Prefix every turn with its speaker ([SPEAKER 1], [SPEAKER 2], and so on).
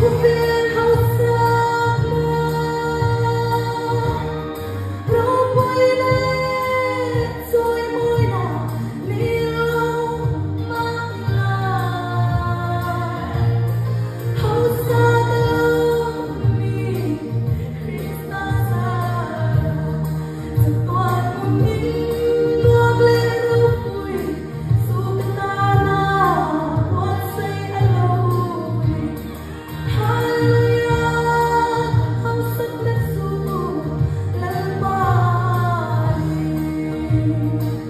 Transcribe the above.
[SPEAKER 1] Who feels you.